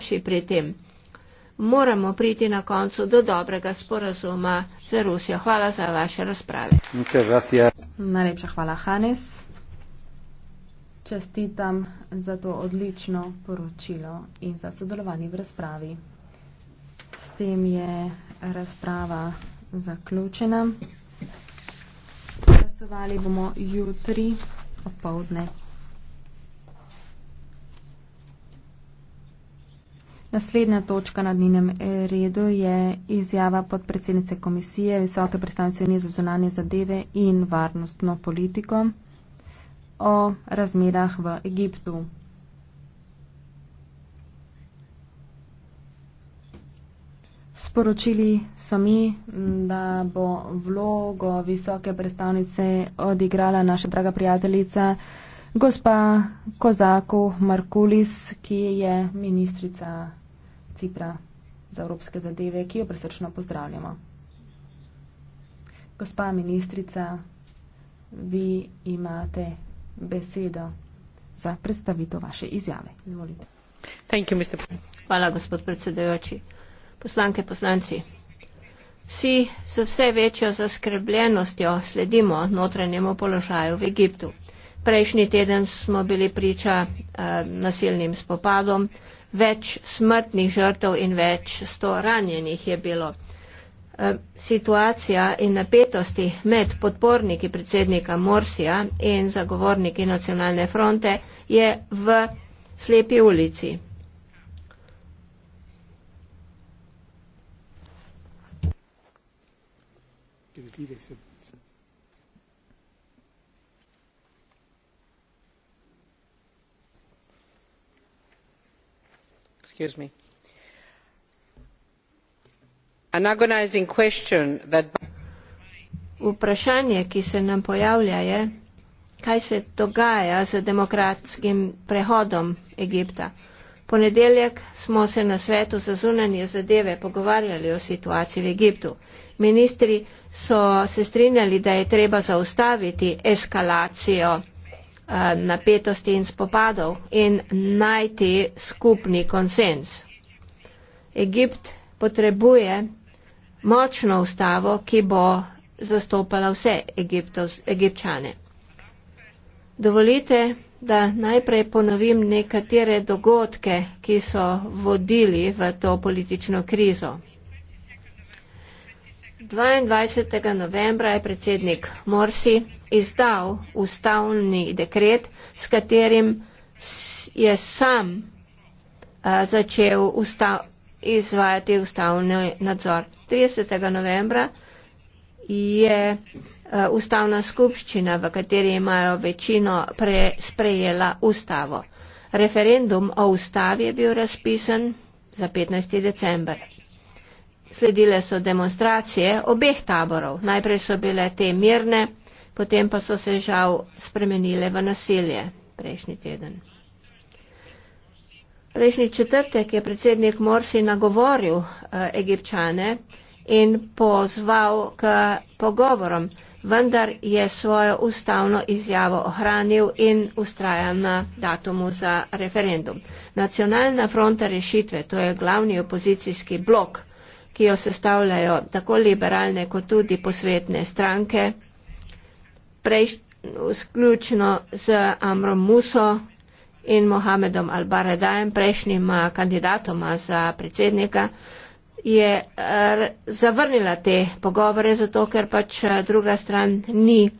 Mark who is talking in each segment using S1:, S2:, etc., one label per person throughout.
S1: še pri tem. Moramo priti na koncu do dobrega sporazuma za Rusijo. Hvala za vaše razprave. Najlepša hvala, Hanes.
S2: Čestitam za to odlično poročilo in za sodelovanje v razpravi. S tem je razprava zaključena. Glasovali bomo jutri opovdne. Naslednja točka na dnevnem redu je izjava podpredsednice komisije, visoke predstavnice unije za zunanje zadeve in varnostno politiko o razmerah v Egiptu. Sporočili so mi, da bo vlogo visoke predstavnice odigrala naša draga prijateljica gospa Kozaku Markulis, ki je ministrica. Cipra za evropske zadeve, ki jo presrčno pozdravljamo. Gospa ministrica, vi imate
S1: besedo za predstavitev vaše izjave. Izvolite. You, Hvala, gospod predsedujoči. Poslanke, poslanci. Vsi z vse večjo zaskrbljenostjo sledimo notranjemu položaju v Egiptu. Prejšnji teden smo bili priča eh, nasilnim spopadom, več smrtnih žrtev in več sto ranjenih je bilo. E, situacija in napetosti med podporniki predsednika Morsija in zagovorniki nacionalne fronte je v slepi ulici. Gracias. vprašanje ki se nam pojavlja je kaj se dogaja z demokratskim prehodom egipta ponedeljek smo se na svetu za zunanje zadeve pogovarjali o situaciji v egiptu ministri so se strinjali da je treba zaustaviti eskalacijo Eh, napetosti in spopadov in najti skupni konsens. Egipt potrebuje močno ustavo, ki bo zastopala vse Egiptos, egipčane. Dovolite, da najprej ponovim nekatere dogodke, ki so vodili v to politično krizo. 22. novembra je predsednik Morsi izdal ustavni dekret, s katerim je sam eh, začel ustav, izvajati ustavni nadzor. 30. novembra je eh, ustavna skupščina, v kateri imajo večino, pre, sprejela ustavo. Referendum o ustavi je bil razpisan za 15. december. Sledile so demonstracije obeh taborov. Najprej so bile te mirne potem pa so se žal spremenile v nasilje prejšnji teden. Prejšnji četrtek je predsednik Morsi nagovoril uh, egipčane in pozval k pogovorom, vendar je svojo ustavno izjavo ohranil in ustraja na datumu za referendum. Nacionalna fronta rešitve, to je glavni opozicijski blok, ki jo sestavljajo tako liberalne kot tudi posvetne stranke, sključno z Amrom Muso in Mohamedom Albaredajem, prejšnjima kandidatoma za predsednika, je zavrnila te pogovore, zato ker pač eh, druga stran ni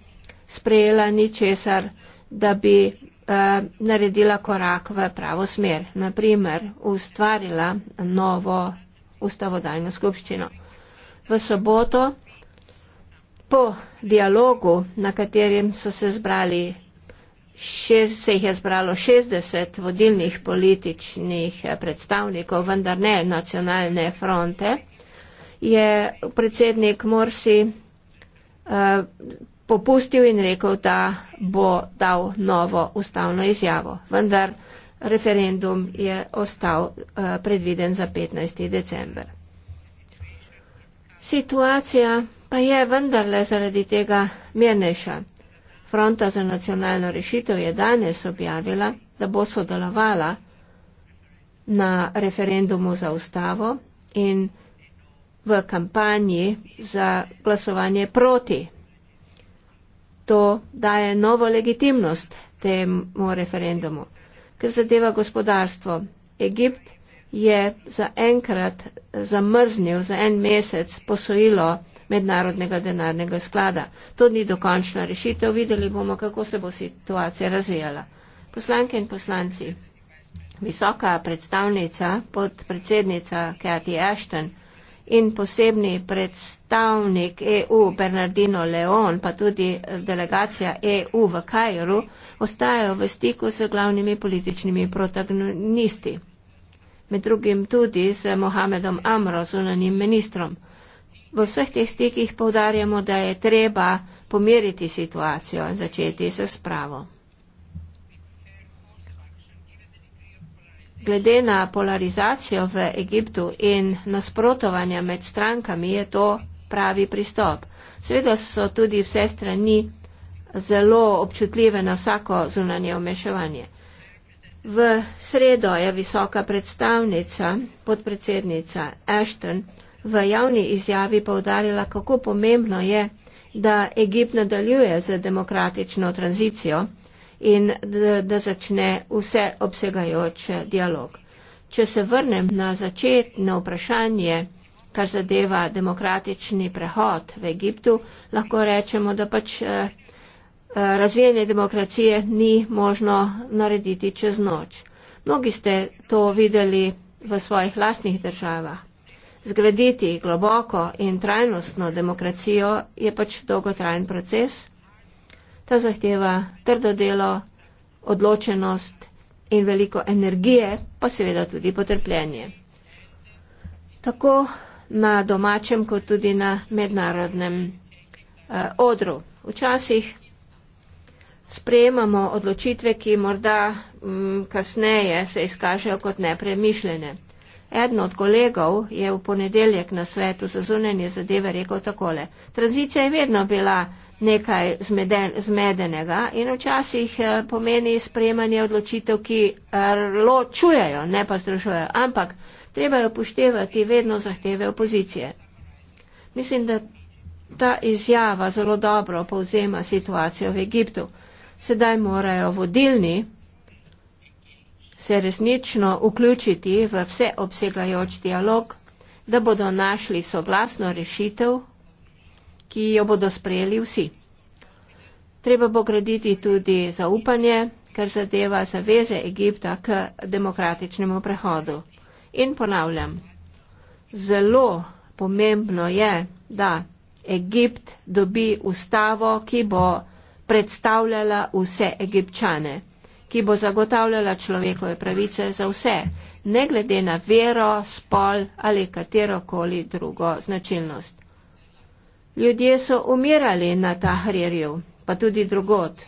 S1: sprejela ničesar, da bi eh, naredila korak v pravo smer, naprimer ustvarila novo ustavodajno skupščino. V soboto po dialogu, na katerem so se zbrali, šest, se jih je zbralo 60 vodilnih političnih eh, predstavnikov, vendar ne nacionalne fronte, je predsednik Morsi eh, popustil in rekel, da bo dal novo ustavno izjavo. Vendar referendum je ostal eh, predviden za 15. december. Situacija pa je vendarle zaradi tega mirnejša. Fronta za nacionalno rešitev je danes objavila, da bo sodelovala na referendumu za ustavo in v kampanji za glasovanje proti. To daje novo legitimnost temu referendumu. Ker zadeva gospodarstvo, Egipt je za enkrat zamrznil za en mesec posojilo mednarodnega denarnega sklada. To ni dokončna rešitev, videli bomo, kako se bo situacija razvijala. Poslanke in poslanci, visoka predstavnica, podpredsednica Kati Ashton in posebni predstavnik EU Bernardino Leon, pa tudi delegacija EU v Kajru, ostajajo v stiku s glavnimi političnimi protagonisti. Med drugim tudi z Mohamedom Amro, zunanim ministrom. V vseh teh stikih povdarjamo, da je treba pomiriti situacijo in začeti se spravo. Glede na polarizacijo v Egiptu in nasprotovanja med strankami je to pravi pristop. Sveda so tudi vse strani zelo občutljive na vsako zunanje omešavanje. V sredo je visoka predstavnica, podpredsednica Ashton, v javni izjavi povdarila, kako pomembno je, da Egipt nadaljuje z demokratično tranzicijo in da, da začne vse obsegajoč dialog. Če se vrnem na začetno vprašanje, kar zadeva demokratični prehod v Egiptu, lahko rečemo, da pač eh, eh, razvijanje demokracije ni možno narediti čez noč. Mnogi ste to videli v svojih lastnih državah. Zgraditi globoko in trajnostno demokracijo je pač dolgotrajen proces. Ta zahteva trdo delo, odločenost in veliko energije, pa seveda tudi potrpljenje. Tako na domačem, kot tudi na mednarodnem eh, odru. Včasih sprejemamo odločitve, ki morda m, mm, kasneje se izkažejo kot nepremišljene. Eden od kolegov je v ponedeljek na svetu za zunanje zadeve rekel takole. Tranzicija je vedno bila nekaj zmeden, zmedenega in včasih eh, pomeni sprejemanje odločitev, ki eh, ločujejo, ne pa združujejo. Ampak treba je upoštevati vedno zahteve opozicije. Mislim, da ta izjava zelo dobro povzema situacijo v Egiptu. Sedaj morajo vodilni se resnično vključiti v vseobsegajoč dialog, da bodo našli soglasno rešitev, ki jo bodo sprejeli vsi. Treba bo graditi tudi zaupanje, kar zadeva zaveze Egipta k demokratičnemu prehodu. In ponavljam, zelo pomembno je, da Egipt dobi ustavo, ki bo predstavljala vse egipčane ki bo zagotavljala človekove pravice za vse, ne glede na vero, spol ali katerokoli drugo značilnost. Ljudje so umirali na Tahrirju, pa tudi drugot,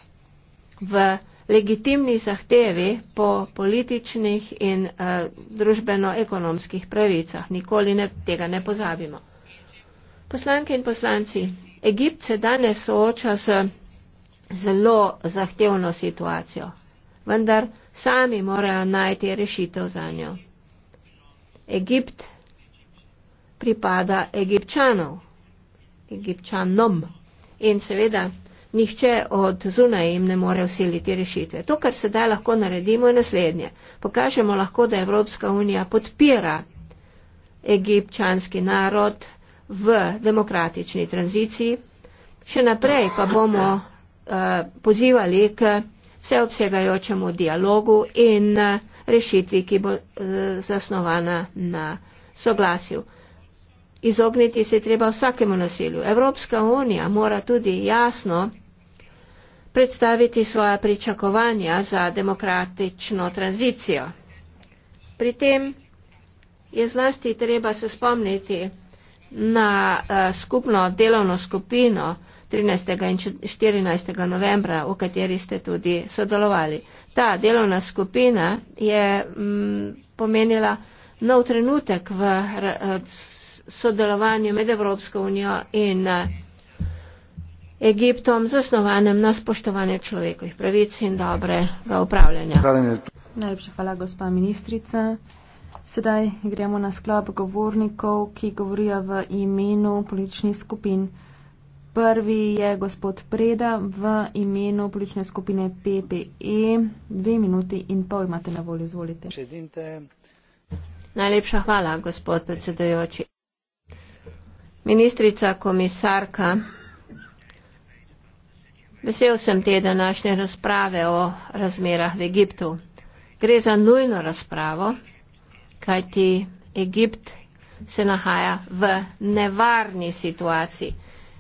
S1: v legitimni zahtevi po političnih in uh, družbeno-ekonomskih pravicah. Nikoli ne, tega ne pozabimo. Poslanke in poslanci, Egipt se danes sooča z zelo zahtevno situacijo vendar sami morajo najti rešitev za njo. Egipt pripada egipčanov, egipčanom in seveda nihče od zunaj jim ne more usiliti rešitve. To, kar sedaj lahko naredimo, je naslednje. Pokažemo lahko, da Evropska unija podpira egipčanski narod v demokratični tranziciji. Še naprej pa bomo uh, pozivali k vseobsegajočemu dialogu in eh, rešitvi, ki bo eh, zasnovana na soglasju. Izogniti se treba vsakemu nasilju. Evropska unija mora tudi jasno predstaviti svoja pričakovanja za demokratično tranzicijo. Pri tem je zlasti treba se spomniti na eh, skupno delovno skupino, 13. in 14. novembra, v kateri ste tudi sodelovali. Ta delovna skupina je m, mm, pomenila nov trenutek v r, sodelovanju med Evropsko unijo in Egiptom, zasnovanem na spoštovanje človekovih pravic in dobrega upravljanja. Najlepša hvala, gospa ministrica. Sedaj
S2: gremo na sklop govornikov, ki govorijo v imenu političnih skupin. Prvi je gospod Preda v imenu politične skupine PPE.
S1: Dve minuti in pol imate na voljo, izvolite. Najlepša hvala, gospod predsedajoči. Ministrica komisarka, vesel sem te današnje razprave o razmerah v Egiptu. Gre za nujno razpravo, kajti Egipt se nahaja v nevarni situaciji.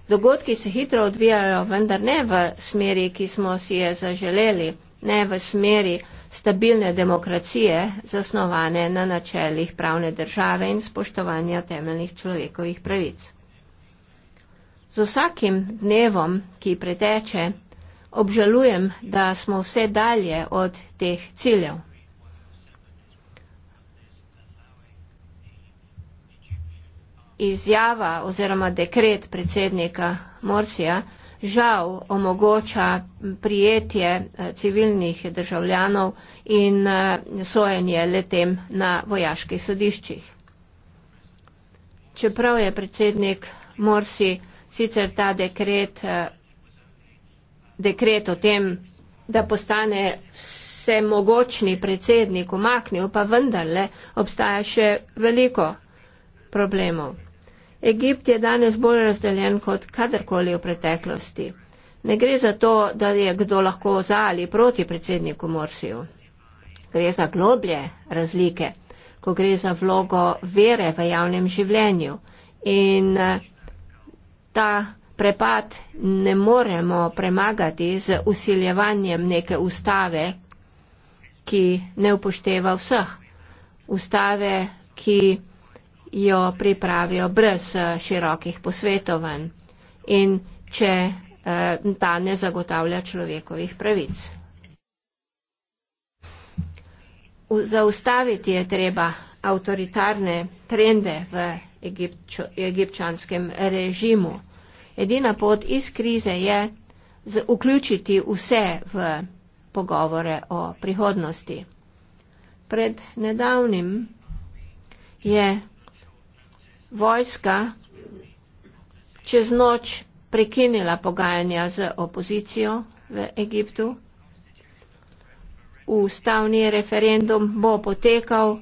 S1: Dogodki se hitro odvijajo, vendar ne v smeri, ki smo si je zaželeli, ne v smeri stabilne demokracije, zasnovane na načelih pravne države in spoštovanja temeljnih človekovih pravic. Z vsakim dnevom, ki preteče, obžalujem, da smo vse dalje od teh ciljev. izjava oziroma dekret predsednika Morsija žal omogoča prijetje eh, civilnih državljanov in eh, sojenje letem na vojaških sodiščih. Čeprav je predsednik Morsi sicer ta dekret, eh, dekret o tem, da postane se mogočni predsednik umaknil, pa vendarle obstaja še veliko problemov. Egipt je danes bolj razdeljen kot kadarkoli v preteklosti. Ne gre za to, da je kdo lahko za ali proti predsedniku Morsiju. Gre za globlje razlike, ko gre za vlogo vere v javnem življenju. In eh, ta prepad ne moremo premagati z usiljevanjem neke ustave, ki ne upošteva vseh. Ustave, ki jo pripravijo brez eh, širokih posvetovanj in če eh, ta ne zagotavlja človekovih pravic. Zaustaviti je treba avtoritarne trende v egipčanskem režimu. Edina pot iz krize je vključiti vse v pogovore o prihodnosti. Pred nedavnim je vojska čez noč prekinila pogajanja z opozicijo v Egiptu. Ustavni referendum bo potekal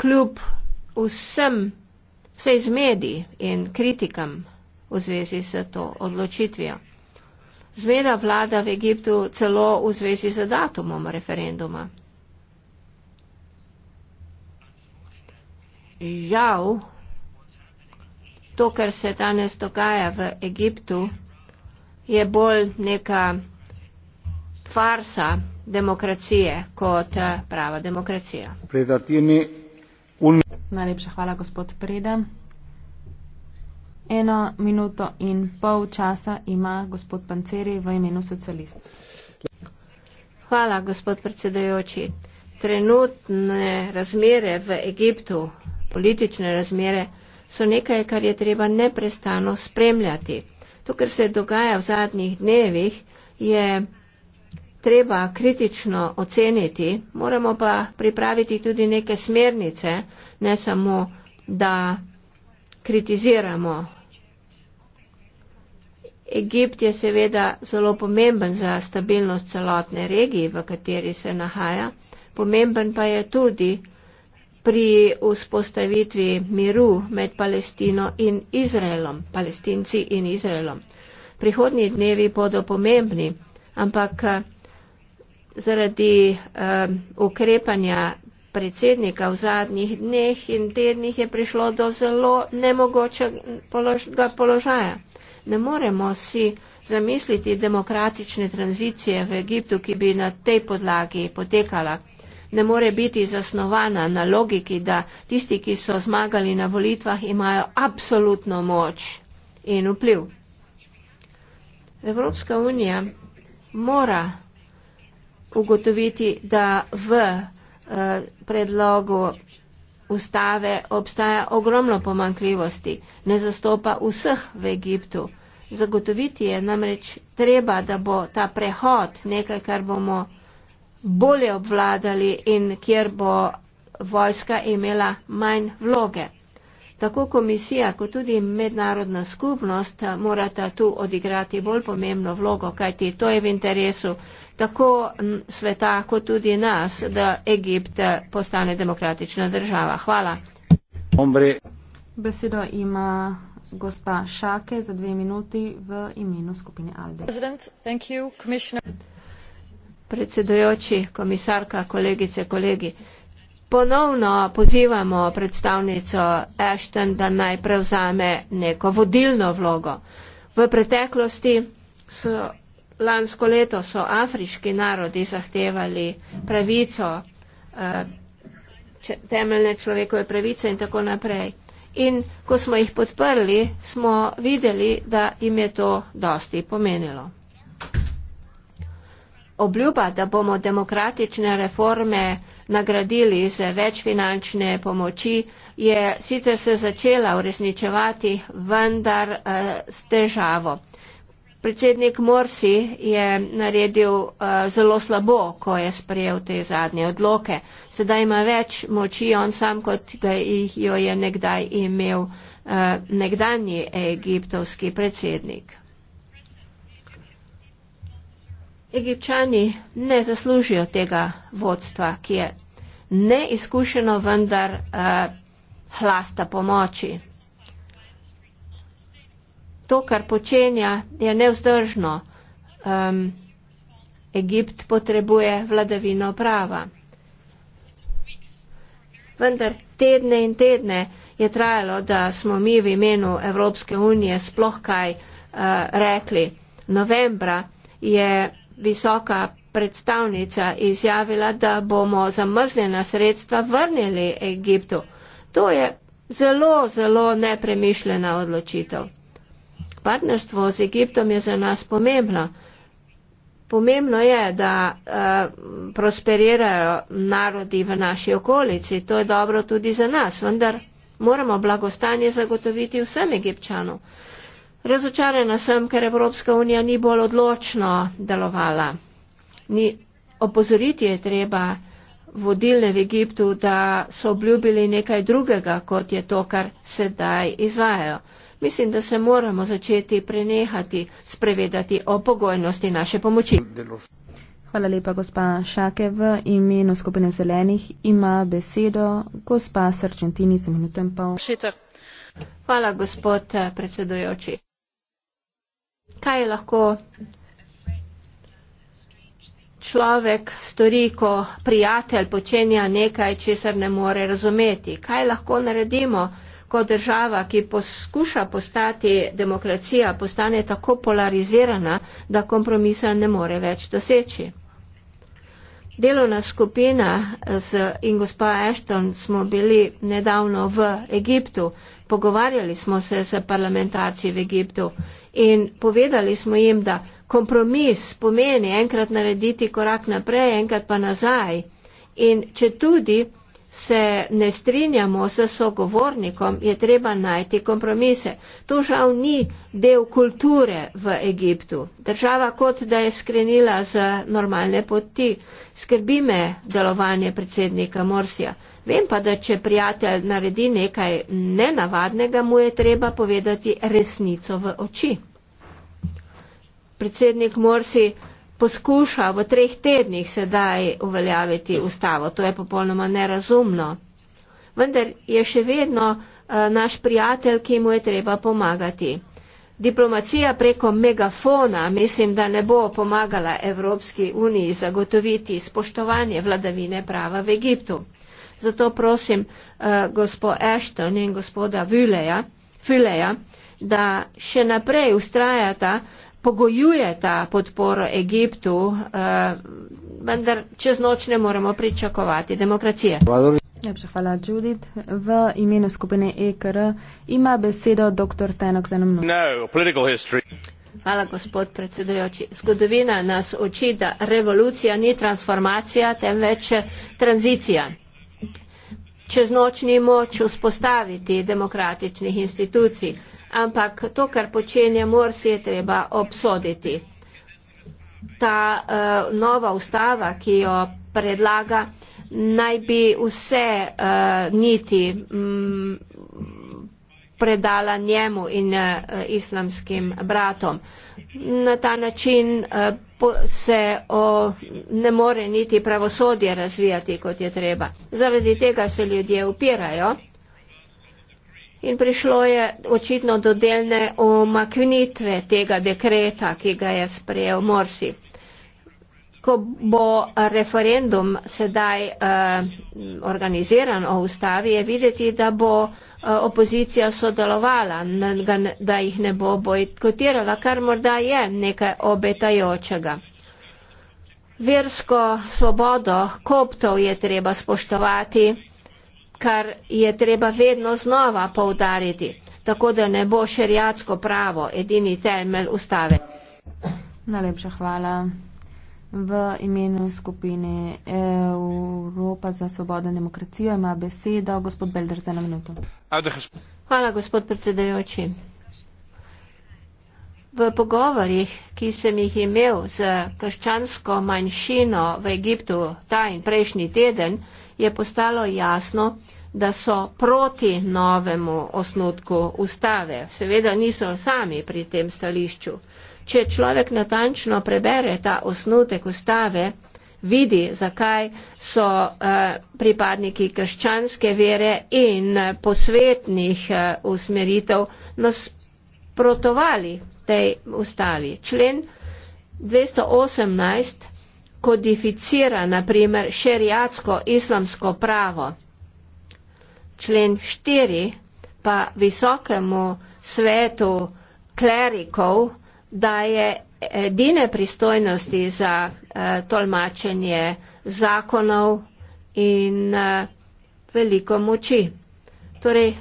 S1: kljub vsem, vsej zmedi in kritikam v zvezi s to odločitvijo. Zmeda vlada v Egiptu celo v zvezi z datumom referenduma. Žal to, kar se danes dogaja v Egiptu, je bolj neka farsa demokracije kot eh, prava demokracija. Najlepša hvala, gospod Preda. Eno minuto in pol časa ima gospod Panceri v imenu socialist. Hvala, gospod predsedajoči. Trenutne razmere v Egiptu, politične razmere, so nekaj, kar je treba neprestano spremljati. To, kar se dogaja v zadnjih dnevih, je treba kritično oceniti, moramo pa pripraviti tudi neke smernice, ne samo, da kritiziramo. Egipt je seveda zelo pomemben za stabilnost celotne regije, v kateri se nahaja, pomemben pa je tudi, pri vzpostavitvi miru med Palestino in Izraelom, palestinci in Izraelom. Prihodnji dnevi bodo pomembni, ampak eh, zaradi uh, ukrepanja predsednika v zadnjih dneh in tednih je prišlo do zelo nemogočega položaja. Ne moremo si zamisliti demokratične tranzicije v Egiptu, ki bi na tej podlagi potekala ne more biti zasnovana na logiki, da tisti, ki so zmagali na volitvah, imajo absolutno moč in vpliv. Evropska unija mora ugotoviti, da v eh, predlogu ustave obstaja ogromno pomankljivosti, ne zastopa vseh v Egiptu. Zagotoviti je namreč treba, da bo ta prehod nekaj, kar bomo bolje obvladali in kjer bo vojska imela manj vloge. Tako komisija kot tudi mednarodna skupnost eh, morata tu odigrati bolj pomembno vlogo, kajti to je v interesu tako sveta kot tudi nas, da Egipt eh, postane demokratična država. Hvala. Hombre. Besedo ima gospa Šake za dve
S2: minuti
S1: v imenu skupine Alde.
S2: President, thank you, commissioner
S1: predsedujoči, komisarka, kolegice, kolegi. Ponovno pozivamo predstavnico Ashton, da naj prevzame neko vodilno vlogo. V preteklosti so lansko leto so afriški narodi zahtevali pravico, eh, temeljne človekove pravice in tako naprej. In ko smo jih podprli, smo videli, da jim je to dosti pomenilo obljuba, da bomo demokratične reforme nagradili z več finančne pomoči, je sicer se začela uresničevati, vendar eh, s težavo. Predsednik Morsi je naredil eh, zelo slabo, ko je sprejel te zadnje odloke. Sedaj ima več moči on sam, kot jo je nekdaj imel eh, nekdanji egiptovski predsednik. Egipčani ne zaslužijo tega vodstva, ki je neizkušeno, vendar uh, hlasta pomoči. To, kar počenja, je nevzdržno. Um, Egipt potrebuje vladavino prava. Vendar tedne in tedne je trajalo, da smo mi v imenu Evropske unije sploh kaj uh, rekli. Novembra je visoka predstavnica izjavila, da bomo zamrznjena sredstva vrnili Egiptu. To je zelo, zelo nepremišljena odločitev. Partnerstvo z Egiptom je za nas pomembno. Pomembno je, da uh, prosperirajo narodi v naši okolici. To je dobro tudi za nas, vendar moramo blagostanje zagotoviti vsem egipčanom. Razočarana sem, ker Evropska unija ni bolj odločno delovala. Ni opozoriti je treba vodilne v Egiptu, da so obljubili nekaj drugega, kot je to, kar sedaj izvajajo. Mislim, da se moramo začeti prenehati sprevedati o pogojnosti naše pomoči. Hvala lepa, gospa
S2: Šake. V imenu skupine zelenih ima besedo gospa Sarčentini za
S1: minuto in pol. Hvala, gospod eh, predsedujoči kaj lahko človek stori, ko prijatelj počenja nekaj, česar ne more razumeti. Kaj lahko naredimo, ko država, ki poskuša postati demokracija, postane tako polarizirana, da kompromisa ne more več doseči. Delovna skupina z, in gospa Ashton smo bili nedavno v Egiptu pogovarjali smo se s parlamentarci v Egiptu in povedali smo jim, da kompromis pomeni enkrat narediti korak naprej, enkrat pa nazaj. In če tudi se ne strinjamo s sogovornikom, je treba najti kompromise. To žal ni del kulture v Egiptu. Država kot da je skrenila z normalne poti. Skrbi me delovanje predsednika Morsija. Vem pa, da če prijatelj naredi nekaj nenavadnega, mu je treba povedati resnico v oči. Predsednik Morsi poskuša v treh tednih sedaj uveljaviti ustavo. To je popolnoma nerazumno. Vendar je še vedno eh, naš prijatelj, ki mu je treba pomagati. Diplomacija preko megafona mislim, da ne bo pomagala Evropski uniji zagotoviti spoštovanje vladavine prava v Egiptu. Zato prosim uh, eh, gospod Ashton in gospoda Füleja, da še naprej ustrajata, pogojujeta podporo Egiptu, uh, vendar čez noč ne moremo pričakovati demokracije. Najlepša hvala, Judith. V imenu skupine EKR ima besedo dr. Tenok za mnogo. No, hvala, gospod predsedujoči. Zgodovina nas uči, da revolucija ni transformacija, temveč tranzicija čez noč ni moč vzpostaviti demokratičnih institucij, ampak to, kar počenje Morsi, je treba obsoditi. Ta uh, nova ustava, ki jo predlaga, naj bi vse uh, niti um, predala njemu in uh, islamskim bratom. Na ta način uh, se o, ne more niti pravosodje razvijati, kot je treba. Zaradi tega se ljudje upirajo. In prišlo je očitno do delne omaknitve tega dekreta, ki ga je sprejel Morsi ko bo referendum sedaj eh, organiziran o ustavi, je videti, da bo eh, opozicija sodelovala, da jih ne bo bojkotirala, kar morda je nekaj obetajočega. Versko svobodo koptov je treba spoštovati, kar je treba vedno znova poudariti, tako da ne bo šerjatsko pravo edini temelj ustave. Najlepša hvala
S2: v imenu skupine Evropa za svobodo in demokracijo ima besedo gospod Belder za eno minuto.
S1: Hvala, gospod predsedajoči. V pogovorjih, ki sem jih imel z krščansko manjšino v Egiptu ta in prejšnji teden, je postalo jasno, da so proti novemu osnutku ustave. Seveda niso sami pri tem stališču če človek natančno prebere ta osnutek ustave, vidi, zakaj so eh, pripadniki krščanske vere in posvetnih eh, usmeritev nasprotovali tej ustavi. Člen 218 kodificira naprimer šerijatsko islamsko pravo. Člen 4 pa visokemu svetu klerikov daje edine pristojnosti za uh, tolmačenje zakonov in uh, veliko moči. Torej,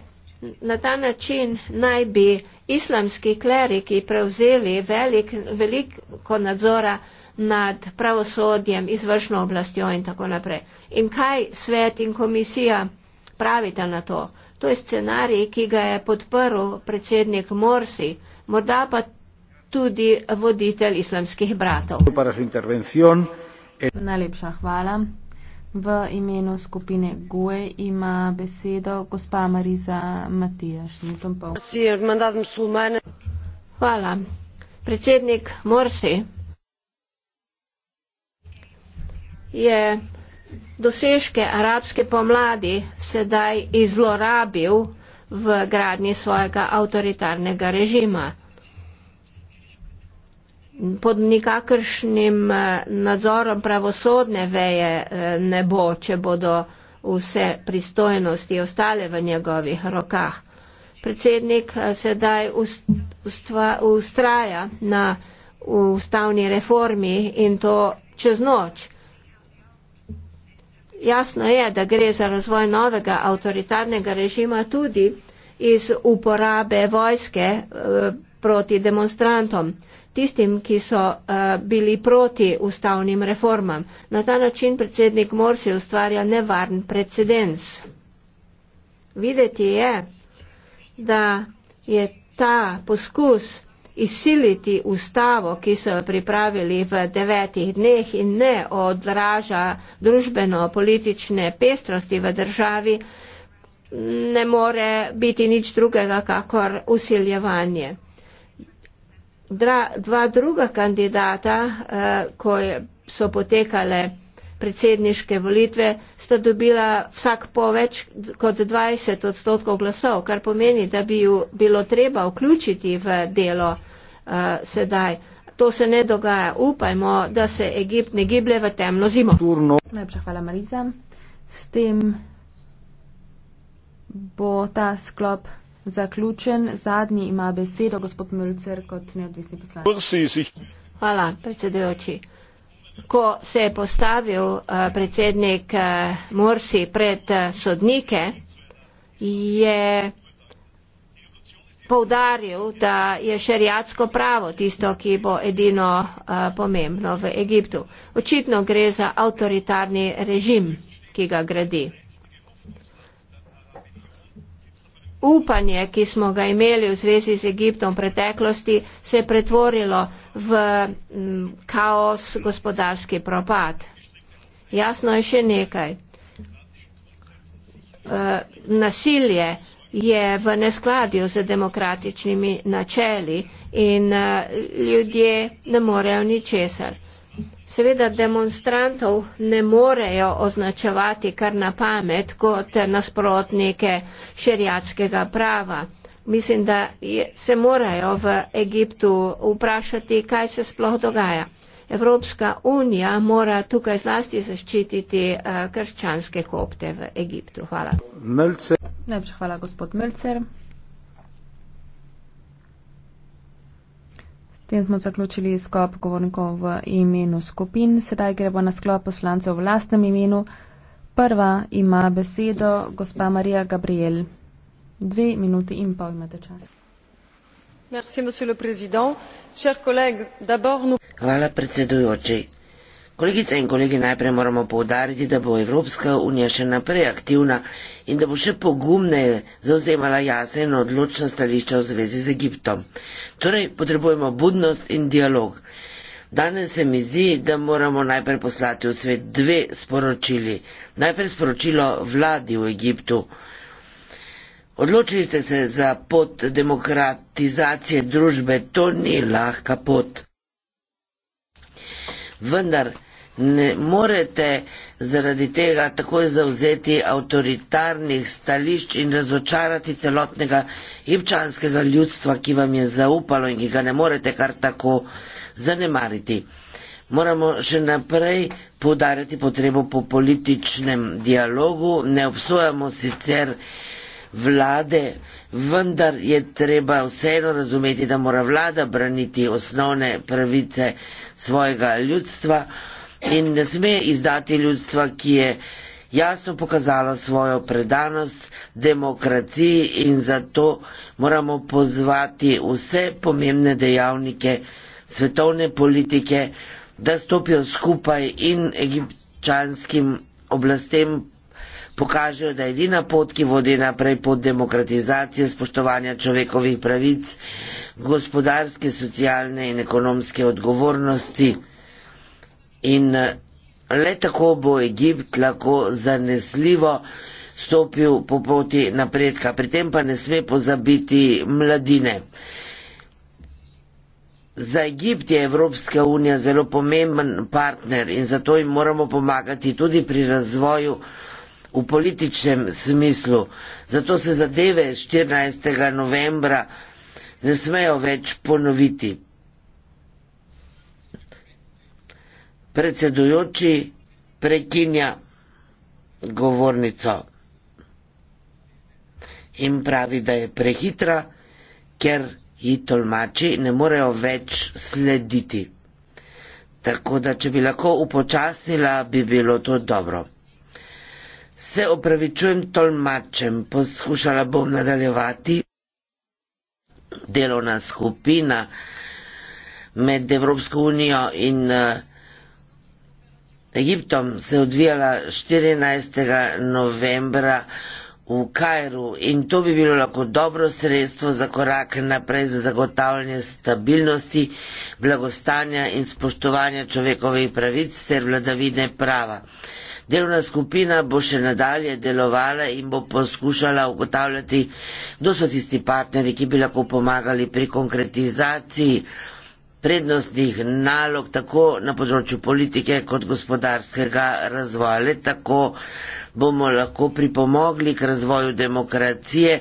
S1: na ta način naj bi islamski kleriki prevzeli velik, veliko nadzora nad pravosodjem, izvršno oblastjo in tako naprej. In kaj svet in komisija pravita na to? To je scenarij, ki ga je podprl predsednik Morsi, morda pa tudi voditelj islamskih bratov.
S2: Eh, Najlepša hvala. V imenu skupine GUE ima besedo gospa Mariza Matijaš.
S1: Hvala. Predsednik Morsi je dosežke arabske pomladi sedaj izlorabil v gradni svojega avtoritarnega režima pod nikakršnim eh, nadzorom pravosodne veje eh, ne bo, če bodo vse pristojnosti ostale v njegovih rokah. Predsednik eh, sedaj ustraja na ustavni reformi in to čez noč. Jasno je, da gre za razvoj novega avtoritarnega režima tudi iz uporabe vojske proti demonstrantom tistim, ki so uh, bili proti ustavnim reformam. Na ta način predsednik Morsi ustvarja nevarn precedens. Videti je, da je ta poskus izsiliti ustavo, ki so jo pripravili v devetih dneh in ne odraža družbeno-politične pestrosti v državi, ne more biti nič drugega, kakor usiljevanje dra, dva druga kandidata, uh, ko je, so potekale predsedniške volitve, sta dobila vsak po več kot 20 odstotkov glasov, kar pomeni, da bi ju bilo treba vključiti v delo uh, sedaj. To se ne dogaja. Upajmo, da se Egipt ne giblje v temno zimo. Turno. Najprej hvala Mariza. S tem bo
S2: ta sklop. Zaključen, zadnji ima besedo gospod Mulcer kot neodvisni
S1: poslanec. Hvala, predsedujoči. Ko se je postavil uh, predsednik uh, Morsi pred uh, sodnike, je povdaril, da je šerijatsko pravo tisto, ki bo edino uh, pomembno v Egiptu. Očitno gre za avtoritarni režim, ki ga gradi. upanje, ki smo ga imeli v zvezi z Egiptom v preteklosti, se je pretvorilo v m, mm, kaos, gospodarski propad. Jasno je še nekaj. E, nasilje je v neskladju z demokratičnimi načeli in uh, ljudje ne morejo ničesar. Seveda demonstrantov ne morejo označevati kar na pamet kot nasprotnike šerijatskega prava. Mislim, da se morajo v Egiptu vprašati, kaj se sploh dogaja. Evropska unija mora tukaj zlasti zaščititi eh, krščanske kopte v Egiptu. Hvala. Melce. Najprej hvala, gospod Melcer.
S2: tem smo zaključili skop govornikov v imenu skupin. Sedaj gremo na sklop poslancev v lastnem imenu. Prva ima besedo gospa Marija Gabriel. Dve minuti in pol imate čas. Merci,
S3: Hvala predsedujoči. Kolegice in kolegi, najprej moramo povdariti, da bo Evropska unija še naprej aktivna in da bo še pogumneje zauzemala jasne in odločna stališča v zvezi z Egiptom. Torej, potrebujemo budnost in dialog. Danes se mi zdi, da moramo najprej poslati v svet dve sporočili. Najprej sporočilo vladi v Egiptu. Odločili ste se za pot demokratizacije družbe, to ni lahka pot. Vendar ne morete zaradi tega takoj zauzeti avtoritarnih stališč in razočarati celotnega jebčanskega ljudstva, ki vam je zaupalo in ki ga ne morete kar tako zanemariti. Moramo še naprej poudarjati potrebo po političnem dialogu, ne obsojamo sicer vlade, vendar je treba vseeno razumeti, da mora vlada braniti osnovne pravice svojega ljudstva in ne sme izdati ljudstva, ki je jasno pokazalo svojo predanost demokraciji in zato moramo pozvati vse pomembne dejavnike svetovne politike, da stopijo skupaj in egipčanskim oblastem pokažejo, da je edina pot, ki vodi naprej pod demokratizacijo, spoštovanje človekovih pravic, gospodarske, socialne in ekonomske odgovornosti. In eh, le tako bo Egipt lahko zanesljivo stopil po poti napredka, pri tem pa ne sme pozabiti mladine. Za Egipt je Evropska unija zelo pomemben partner in zato jim moramo pomagati tudi pri razvoju v političnem smislu. Zato se zadeve 14. novembra ne smejo več ponoviti. predsedujoči prekinja govornico in pravi, da je prehitra, ker ji tolmači ne morejo več slediti. Tako da, če bi lahko upočasnila, bi bilo to dobro. Se opravičujem tolmačem, poskušala bom nadaljevati. Delovna skupina med Evropsko unijo in uh, Egiptom se je odvijala 14. novembra v Kajru in to bi bilo lahko dobro sredstvo za korak naprej za zagotavljanje stabilnosti, blagostanja in spoštovanja človekovih pravic ter vladavine prava. Delovna skupina bo še nadalje delovala in bo poskušala ugotavljati, kdo so tisti partneri, ki bi lahko pomagali pri konkretizaciji prednostnih nalog tako na področju politike kot gospodarskega razvoja. Le tako bomo lahko pripomogli k razvoju demokracije,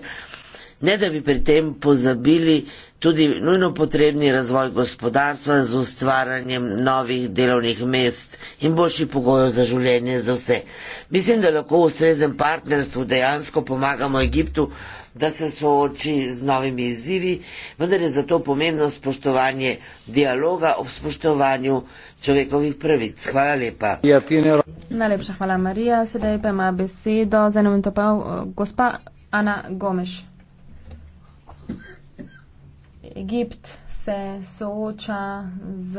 S3: ne da bi pri tem pozabili tudi nujno potrebni razvoj gospodarstva z ustvarjanjem novih delovnih mest in boljših pogojev za življenje za vse. Mislim, da lahko v sreznem partnerstvu dejansko pomagamo Egiptu, da se sooči z novimi izzivi, vendar je zato pomembno spoštovanje dialoga ob spoštovanju človekovih pravic. Hvala lepa. Ja,
S2: Najlepša hvala, Marija. Sedaj pa ima besedo za eno minuto pa eh, gospa Ana Gomeš. Egipt se sooča z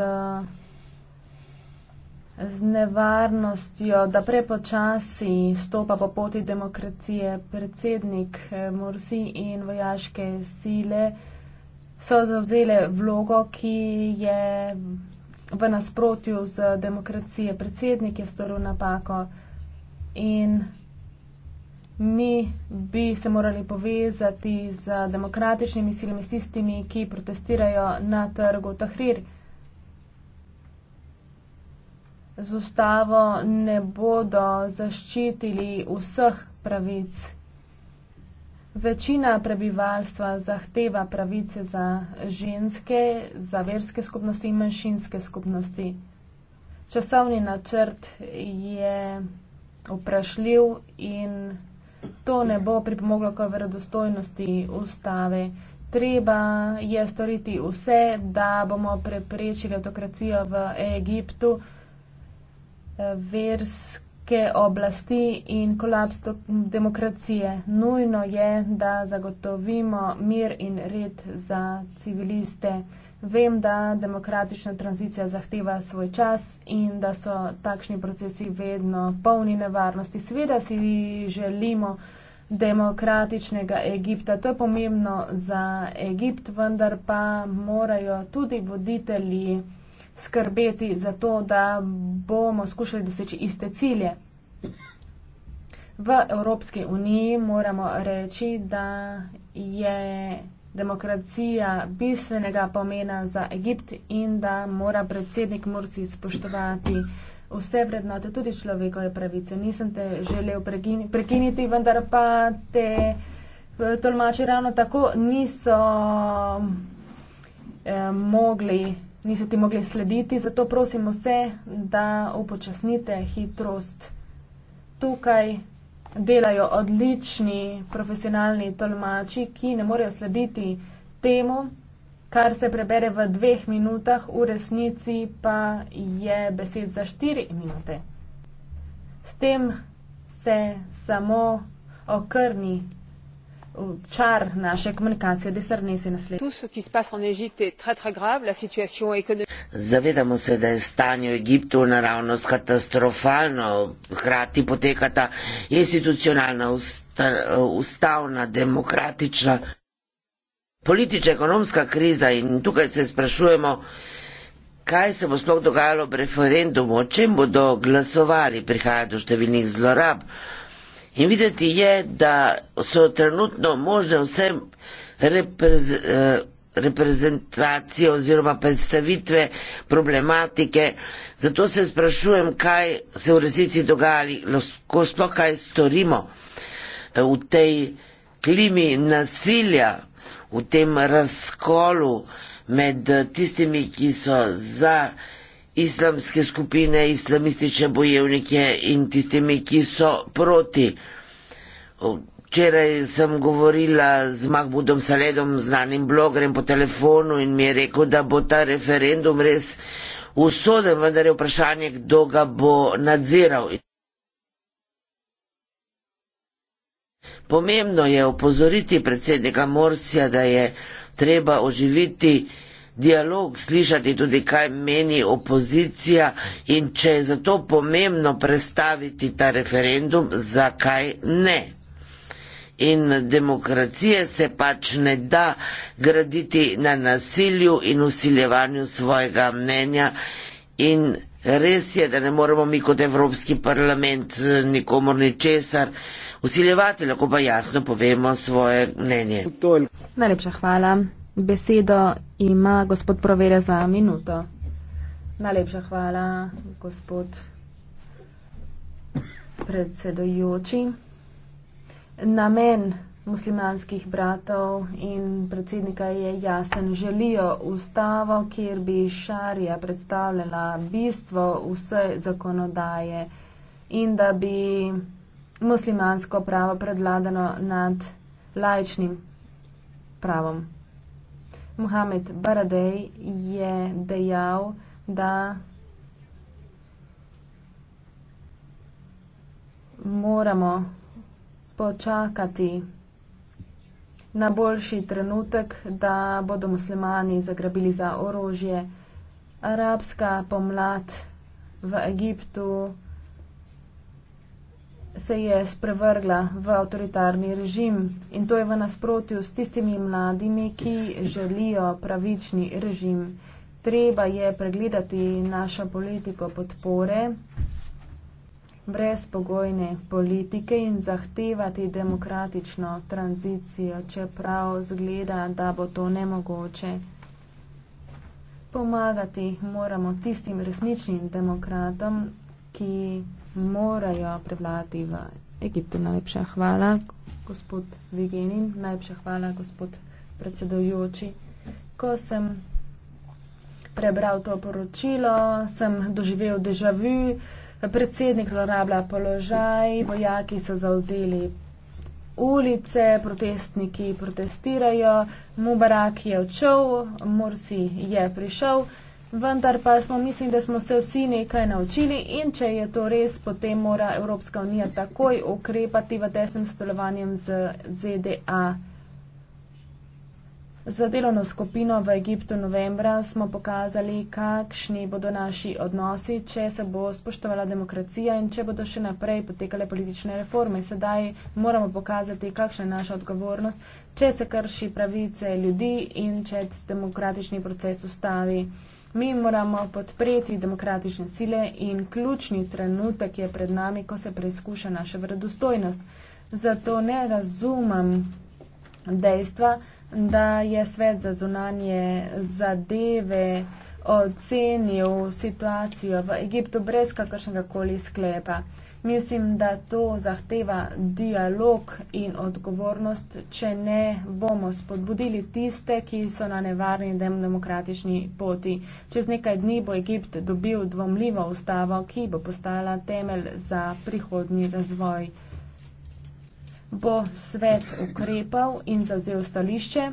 S2: z nevarnostjo, da prepočasi stopa po poti demokracije predsednik eh, Morsi in vojaške sile, so zavzele vlogo, ki je v nasprotju z demokracije. Predsednik je storil napako in mi bi se morali povezati z demokratičnimi silami, s tistimi, ki protestirajo na trgu Tahrir z ustavo ne bodo zaščitili vseh pravic. Večina prebivalstva zahteva pravice za ženske, za verske skupnosti in manjšinske skupnosti. Časovni načrt je vprašljiv in to ne bo pripomoglo k verodostojnosti ustave. Treba je storiti vse, da bomo preprečili avtokracijo v Egiptu verske oblasti in kolaps demokracije. Nujno je, da zagotovimo mir in red za civiliste. Vem, da demokratična tranzicija zahteva svoj čas in da so takšni procesi vedno polni nevarnosti. Sveda si želimo demokratičnega Egipta. To je pomembno za Egipt, vendar pa morajo tudi voditelji skrbeti za to, da bomo skušali doseči iste cilje. V Evropski uniji moramo reči, da je demokracija bistvenega pomena za Egipt in da mora predsednik Mursi spoštovati vse vrednote, tudi človekove pravice. Nisem te želel prekiniti, vendar pa te eh, tolmači ravno tako niso eh, mogli niso ti mogli slediti, zato prosim vse, da upočasnite hitrost. Tukaj delajo odlični profesionalni tolmači, ki ne morejo slediti temu, kar se prebere v dveh minutah, v resnici pa je besed za štiri minute. S tem se samo okrni čar naše komunikacije, da se ne naslednji.
S3: Zavedamo se, da je stanje v Egiptu naravnost katastrofalno, hkrati potekata institucionalna, usta, ustavna, demokratična, politična, ekonomska kriza in tukaj se sprašujemo, kaj se bo sploh dogajalo ob referendumu, o čem bodo glasovali, prihaja do številnih zlorab i videti je da su trenutno možda sve reprez, eh, reprezentacije oziroma predstavitve problematike, zato se sprašujem, kaj se v resnici dogajali, ko sploh kaj storimo eh, v tej klimi nasilja, v tem razkolu med eh, tistimi, ki so za islamske skupine, islamistične bojevnike in tistimi, ki so proti. Včeraj sem govorila z Mahmudom Saledom, znanim blogerjem po telefonu in mi je rekel, da bo ta referendum res usoden, vendar je vprašanje, kdo ga bo nadziral. Pomembno je opozoriti predsednika Morsija, da je treba oživiti dialog, slišati tudi, kaj meni opozicija in če je zato pomembno predstaviti ta referendum, zakaj ne. In demokracije se pač ne da graditi na nasilju in usiljevanju svojega mnenja. In res je, da ne moremo mi kot Evropski parlament eh, nikomor ničesar usiljevati, lahko pa jasno povemo svoje mnenje.
S2: Najlepša hvala. Besedo ima gospod Provera za minuto. Najlepša hvala, gospod predsedojoči. Namen muslimanskih bratov in predsednika je jasen. Želijo ustavo, kjer bi šarija predstavljala bistvo vse zakonodaje in da bi muslimansko pravo predladano nad lajčnim pravom. Mohamed Baradej je dejal, da moramo počakati na boljši trenutek, da bodo muslimani zagrabili za orožje. Arabska pomlad v Egiptu se je sprevrgla v avtoritarni režim in to je v nasprotju s tistimi mladimi, ki želijo pravični režim. Treba je pregledati našo politiko podpore, brezpogojne politike in zahtevati demokratično tranzicijo, čeprav zgleda, da bo to nemogoče. Pomagati moramo tistim resničnim demokratom, ki morajo prevladati v Egiptu. Najlepša hvala, gospod Vigenin, najlepša hvala, gospod predsedojoči. Ko sem prebral to poročilo, sem doživel državi, predsednik zlorablja položaj, vojaki so zauzeli ulice, protestniki protestirajo, Mubarak je odšel, Morsi je prišel vendar pa smo, mislim, da smo se vsi nekaj naučili in če je to res, potem mora Evropska unija takoj ukrepati v tesnem sodelovanju z ZDA. Za delovno skupino v Egiptu novembra smo pokazali, kakšni bodo naši odnosi, če se bo spoštovala demokracija in če bodo še naprej potekale politične reforme. Sedaj moramo pokazati, kakšna je naša odgovornost, če se krši pravice ljudi in če se demokratični proces ustavi. Mi moramo podpreti demokratične sile in ključni trenutek je pred nami, ko se preizkuša naša vredostojnost. Zato ne razumem dejstva, da je svet za zunanje zadeve ocenil situacijo v Egiptu brez kakršnega koli sklepa. Mislim, da to zahteva dialog in odgovornost, če ne bomo spodbudili tiste, ki so na nevarni demokratični poti. Čez nekaj dni bo Egipt dobil dvomljivo ustavo, ki bo postala temelj za prihodni razvoj. Bo svet ukrepal in zauzel stališče?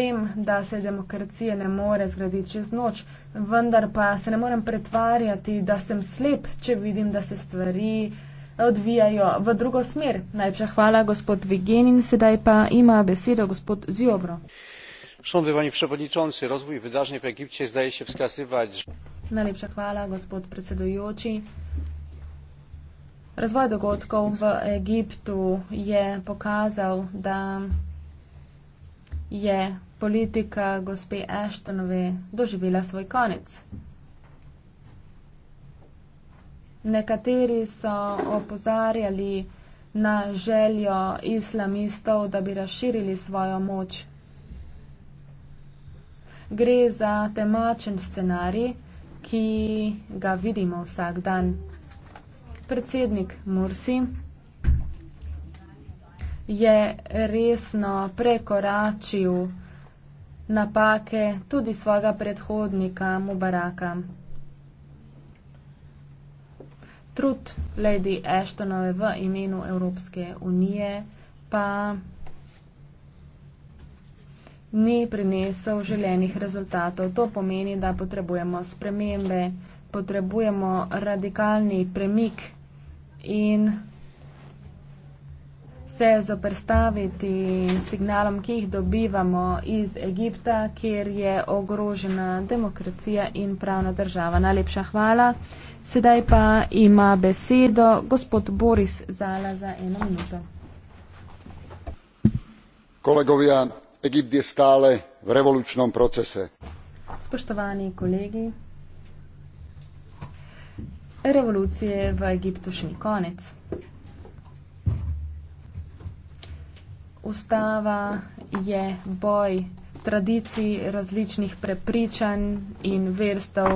S2: Vem, da se demokracije ne more zgraditi čez noč vendar pa se ne morem pretvarjati, da sem slep, če vidim, da se stvari odvijajo v drugo smer. Najlepša hvala, gospod Vigen, in sedaj pa ima besedo gospod Ziobro. Šondi, vani predsedujoči, razvoj vedažnje v Egipte zdaj še vzkazivač. Najlepša hvala, gospod predsedujoči. Razvoj dogodkov v Egiptu je pokazal, da je politika gospe Ashtonove doživela svoj konec. Nekateri so opozarjali na željo islamistov, da bi razširili svojo moč. Gre za temačen scenarij, ki ga vidimo vsak dan. Predsednik Mursi je resno prekoračil napake tudi svojega predhodnika Mubaraka. Trud Lady Ashtonove v imenu Evropske unije pa ni prinesel želenih rezultatov. To pomeni, da potrebujemo spremembe, potrebujemo radikalni premik in se zoprstaviti signalom, ki jih dobivamo iz Egipta, kjer je ogrožena demokracija in pravna država. Najlepša hvala. Sedaj pa ima besedo gospod Boris Zala za eno minuto. Kolegovia, Egipt je stale v revolučnom procese. Spoštovani kolegi, revolucije v Egiptu še ni konec. Ustava je boj tradicij, različnih prepričanj in verstev.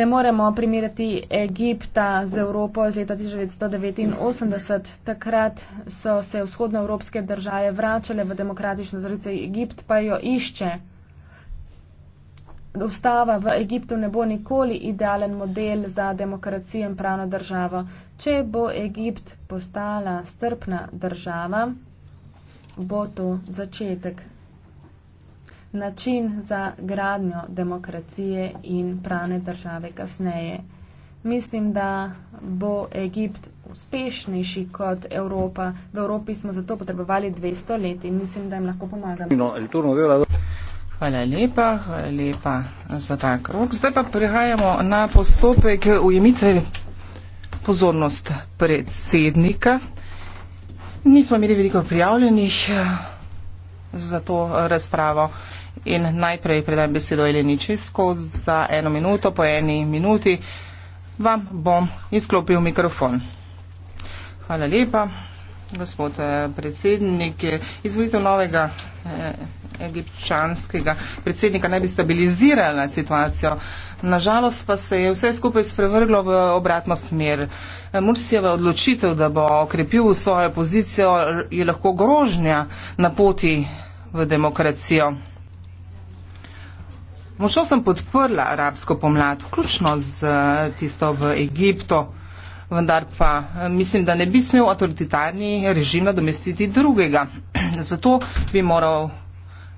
S2: Ne moremo primerjati Egipta z Evropo iz leta 1989. Takrat so se vzhodnoevropske države vračale v demokratično tradicijo. Egipt pa jo išče ustava v Egiptu ne bo nikoli idealen model za demokracijo in pravno državo. Če bo Egipt postala strpna država, bo to začetek, način za gradnjo demokracije in pravne države kasneje. Mislim, da bo Egipt uspešnejši kot Evropa. V Evropi smo zato potrebovali 200 let in mislim, da jim lahko pomagamo. No,
S4: Hvala lepa, hvala lepa za ta krok. Zdaj pa prihajamo na postopek. Ujemite pozornost predsednika. Nismo imeli veliko prijavljenih eh, za to eh, razpravo. In najprej predajem besedo Eleni Česko za eno minuto, po eni minuti vam bom izklopil mikrofon. Hvala lepa, gospod eh, predsednik. Izvolitev novega. Eh, egipčanskega predsednika naj bi stabilizirala situacijo. Nažalost pa se je vse skupaj sprevrglo v obratno smer. Mursijeva odločitev, da bo okrepil svojo pozicijo, je lahko grožnja na poti v demokracijo. Močno sem podprla arabsko pomlad, vključno z tisto v Egiptu, vendar pa mislim, da ne bi smel avtoritarni režim nadomestiti drugega. Zato bi moral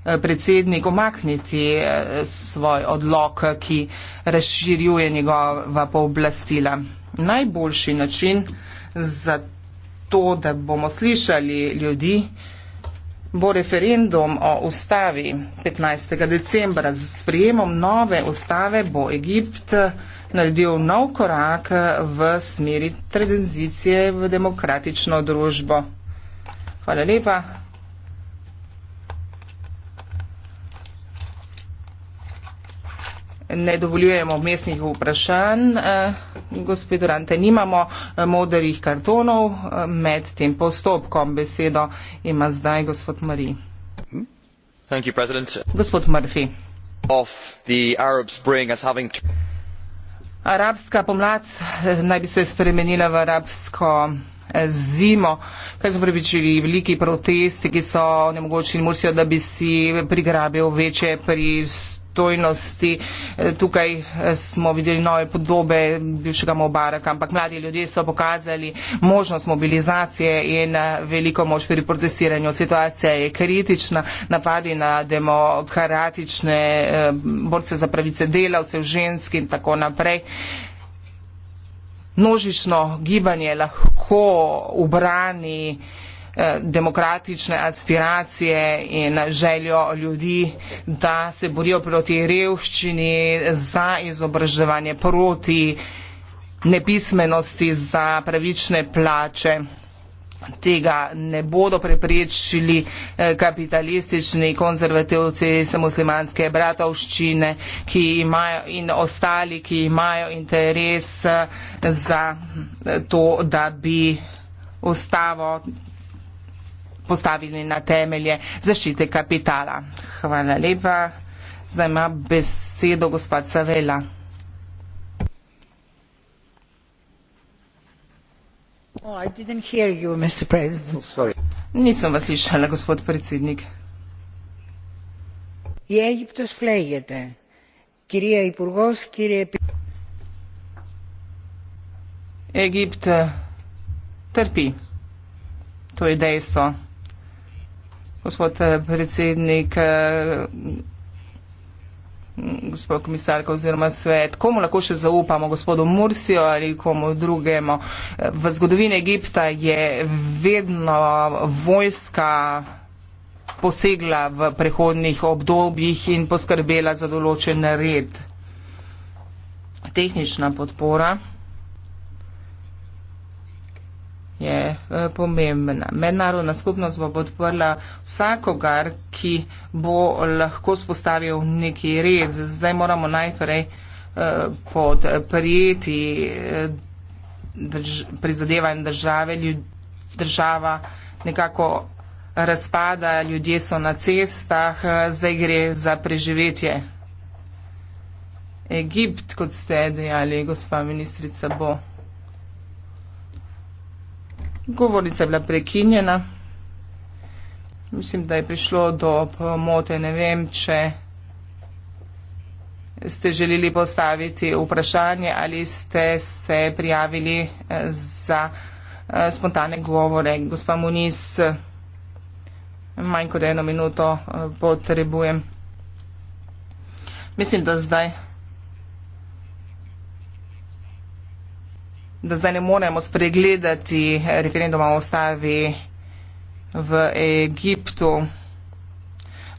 S4: predsednik omakniti eh, svoj odlog, ki razširjuje njegova pooblastila. Najboljši način za to, da bomo slišali ljudi, bo referendum o ustavi 15. decembra. Z sprejemom nove ustave bo Egipt eh, naredil nov korak eh, v smeri tranzicije v demokratično družbo. Hvala lepa. ne dovoljujemo mestnih vprašanj. Eh, gospod Durante, nimamo eh, modrih kartonov eh, med tem postopkom. Besedo ima zdaj gospod Mari. Gospod Murphy. Arabska pomlad naj bi se spremenila v arabsko zimo, kar so pripričali veliki protesti, ki so onemogočili Mursijo, da bi si prigrabil večje pristope dostojnosti. Eh, tukaj eh, smo videli nove podobe bivšega Mobaraka, ampak mladi ljudje so pokazali možnost mobilizacije in eh, veliko moč pri protestiranju. Situacija je kritična, napadi na demokratične borce za pravice delavcev, žensk in tako naprej. Množično gibanje lahko ubrani Eh, demokratične aspiracije in željo ljudi, da se borijo proti revščini, za izobraževanje, proti nepismenosti, za pravične plače. Tega ne bodo preprečili eh, kapitalistični konzervativci samoslimanske bratovščine imajo, in ostali, ki imajo interes eh, za to, da bi ustavo postavili na temelje zaščite kapitala. Hvala lepa. Zdaj ima besedo gospod Savela. Oh, I didn't hear you, Mr. President. Oh, sorry. Nisem vas slišala, gospod predsednik.
S1: Je Egiptus flejete, kirije Ipurgos, kirije
S4: Egipt eh, trpi. To je dejstvo gospod eh, predsednik, eh, gospod komisarka oziroma svet, komu lahko še zaupamo, gospodu Mursijo ali komu drugemu. Eh, v zgodovini Egipta je vedno vojska posegla v prehodnih obdobjih in poskrbela za določen red. Tehnična podpora. je eh, pomembna. Mednarodna skupnost bo podprla vsakogar, ki bo lahko spostavil neki red. Zdaj moramo najprej eh, podprijeti eh, drž prizadevanje države, ljud država nekako razpada, ljudje so na cestah, zdaj gre za preživetje. Egipt, kot ste dejali, gospa ministrica, bo govorica je bila prekinjena. Mislim, da je prišlo do pomote, ne vem, če ste želeli postaviti vprašanje ali ste se prijavili eh, za eh, spontane govore. Gospa Muniz, manj kot eno minuto eh, potrebujem. Mislim, da zdaj. da zdaj ne moremo spregledati referenduma o ustavi v Egiptu.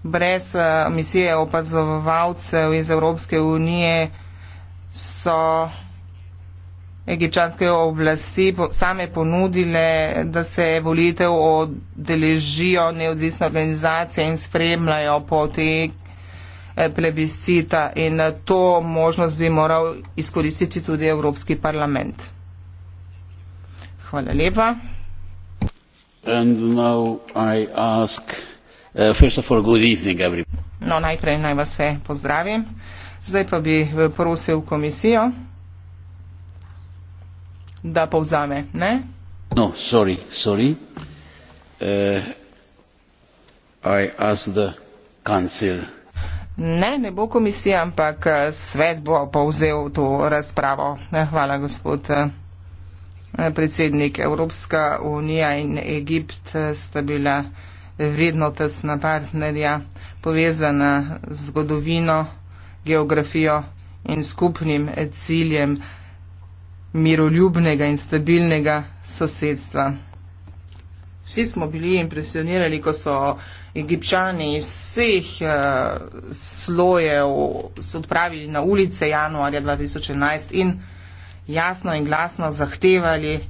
S4: Brez eh, misije opazovalcev iz Evropske unije so egipčanske oblasti same ponudile, da se volitev odeležijo neodvisne organizacije in spremljajo potek eh, plebiscita in eh, to možnost bi moral izkoristiti tudi Evropski parlament. Hvala lepa. And now I ask, uh, first of all, good evening, everybody. No, najprej naj vas vse pozdravim. Zdaj pa bi eh, prosil komisijo, da povzame, ne?
S3: No, sorry, sorry. Uh, I ask the council.
S4: Ne, ne bo komisija, ampak eh, svet bo povzel to razpravo. Eh, hvala, gospod. Uh, Eh, predsednik. Evropska unija in Egipt eh, sta bila vedno tesna partnerja, povezana z zgodovino, geografijo in skupnim ciljem miroljubnega in stabilnega sosedstva. Vsi smo bili impresionirani, ko so egipčani iz vseh uh, slojev se odpravili na ulice januarja 2011 in jasno in glasno zahtevali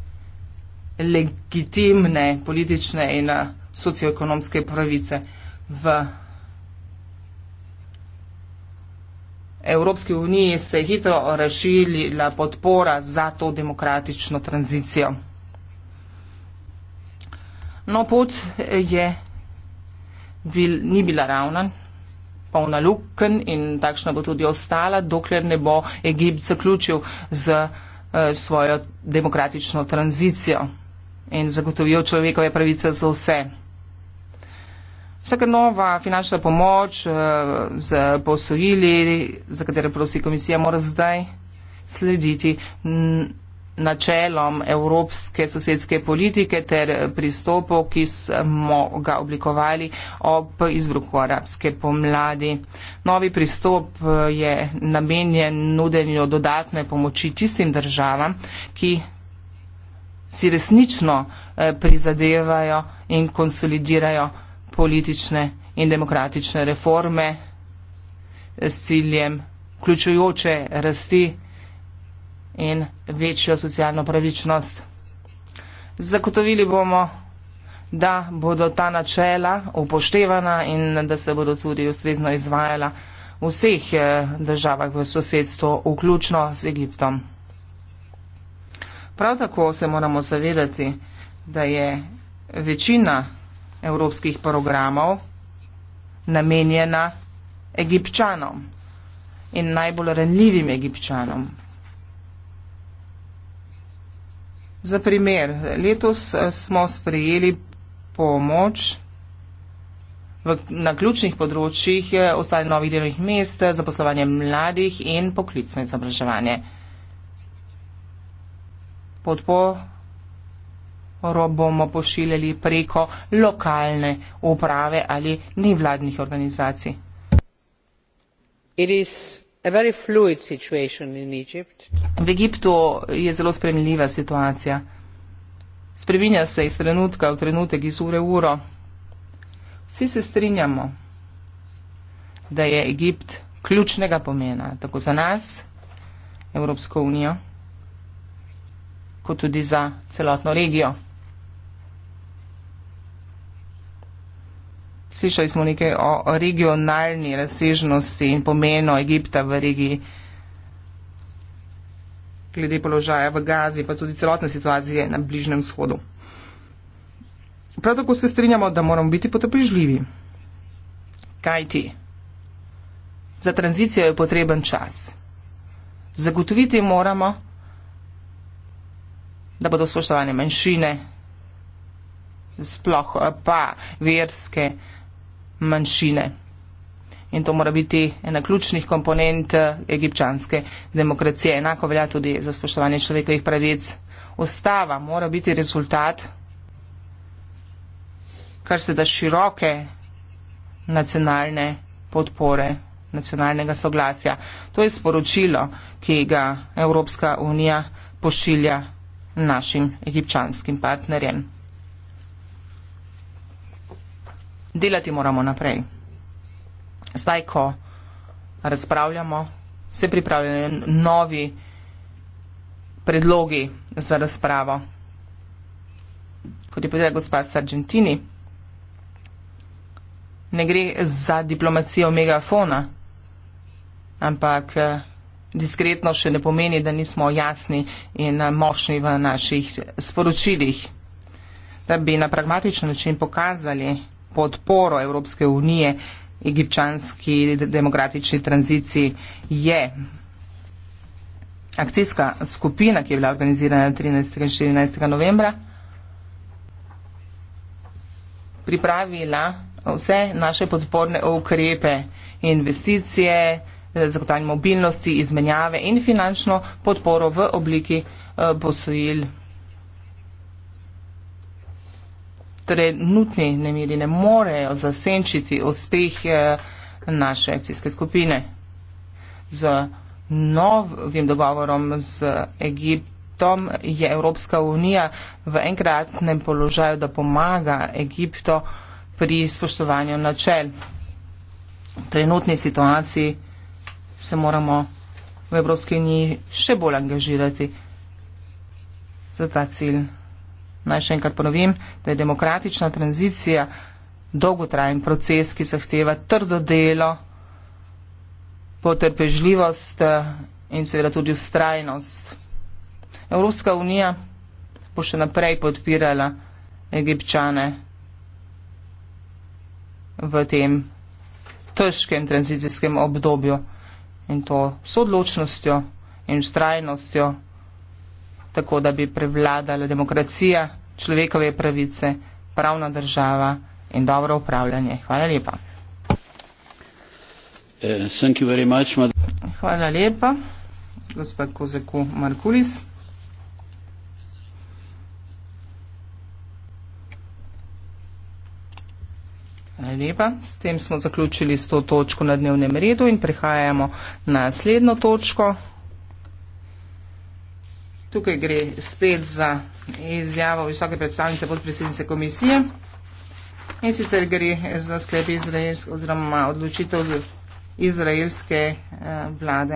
S4: legitimne politične in eh, socioekonomske pravice v Evropski uniji se je hitro rešila podpora za to demokratično tranzicijo. No, pot je bil, ni bila ravna polna lukken in takšna bo tudi ostala, dokler ne bo Egipt zaključil z eh, svojo demokratično tranzicijo in zagotovil človekove pravice za vse. Vsaka nova finančna pomoč eh, z posojili, za katere prosi komisija, mora zdaj slediti načelom evropske sosedske politike ter pristopov, ki smo ga oblikovali ob izbruhu arabske pomladi. Novi pristop je namenjen nudenju dodatne pomoči tistim državam, ki si resnično eh, prizadevajo in konsolidirajo politične in demokratične reforme eh, s ciljem vključujoče rasti in večjo socialno pravičnost. Zagotovili bomo, da bodo ta načela upoštevana in da se bodo tudi ustrezno izvajala v vseh eh, državah v sosedstvu, vključno s Egiptom. Prav tako se moramo zavedati, da je večina evropskih programov namenjena egipčanom in najbolj renljivim egipčanom. Za primer, letos eh, smo sprejeli pomoč v, na ključnih področjih ostalih eh, novih delovnih mest, eh, zaposlovanje mladih in poklicno izobraževanje. Podporo bomo pošiljali preko lokalne uprave ali nevladnih organizacij. V Egiptu je zelo spremljiva situacija. Spreminja se iz trenutka v trenutek, iz ure v uro. Vsi se strinjamo, da je Egipt ključnega pomena, tako za nas, Evropsko unijo, kot tudi za celotno regijo. Slišali smo nekaj o regionalni razsežnosti in pomenu Egipta v regiji glede položaja v Gazi, pa tudi celotne situacije na Bližnem shodu. Prav tako se strinjamo, da moramo biti potrpežljivi. Kajti? Za tranzicijo je potreben čas. Zagotoviti moramo, da bodo spoštovane manjšine, sploh eh, pa verske manjšine. In to mora biti ena ključnih komponent eh, egipčanske demokracije. Enako velja tudi za spoštovanje človekovih pravic. Ustava mora biti rezultat, kar se da široke nacionalne podpore, nacionalnega soglasja. To je sporočilo, ki ga Evropska unija pošilja našim egipčanskim partnerjem. delati moramo naprej. Zdaj, ko razpravljamo, se pripravljajo novi predlogi za razpravo. Kot je povedala gospa Sargentini, ne gre za diplomacijo megafona, ampak diskretno še ne pomeni, da nismo jasni in močni v naših sporočilih, da bi na pragmatičen način pokazali, podporo Evropske unije egipčanski demokratični tranziciji je. Akcijska skupina, ki je bila organizirana 13. in 14. novembra, pripravila vse naše podporne ukrepe, investicije, zagotavljanje mobilnosti, izmenjave in finančno podporo v obliki eh, posojil. torej nutni nemiri ne morejo zasenčiti uspeh eh, naše akcijske skupine. Z novim dogovorom z Egiptom je Evropska unija v enkratnem položaju, da pomaga Egipto pri spoštovanju načel. V trenutni situaciji se moramo v Evropski uniji še bolj angažirati za ta cilj. Naj še enkrat ponovim, da je demokratična tranzicija dolgotrajen proces, ki zahteva trdo delo, potrpežljivost eh, in seveda tudi ustrajnost. Evropska unija bo še naprej podpirala egipčane v tem težkem tranzicijskem obdobju in to s odločnostjo in ustrajnostjo tako da bi prevladala demokracija, človekove pravice, pravna država in dobro upravljanje. Hvala lepa.
S1: Eh, much,
S4: Hvala lepa, gospod Kozeku Markulis. Hvala lepa. S tem smo zaključili s to točko na dnevnem redu in prehajamo na naslednjo točko. Tukaj gre spet za izjavo visoke predstavnice podpredsednice komisije in sicer gre za sklep izraelske oziroma odločitev izraelske eh, vlade.